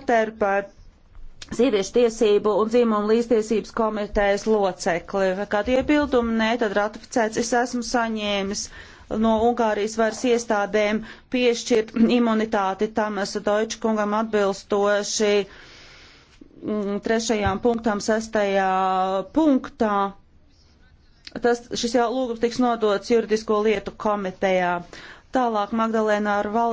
Porteru par sieviešu tiesību un dzimumu līdztiesības komitejas locekli. Kādu iebildumu nē, tad ratificēts es esmu saņēmis no Ungārijas varas iestādēm piešķirt imunitāti Tamas Deutschkungam atbilstoši mm, trešajām punktām, sestajā punktā. Tas, šis jau lūgums tiks nodots juridisko lietu komitejā. Tālāk Magdalēna ar valsts.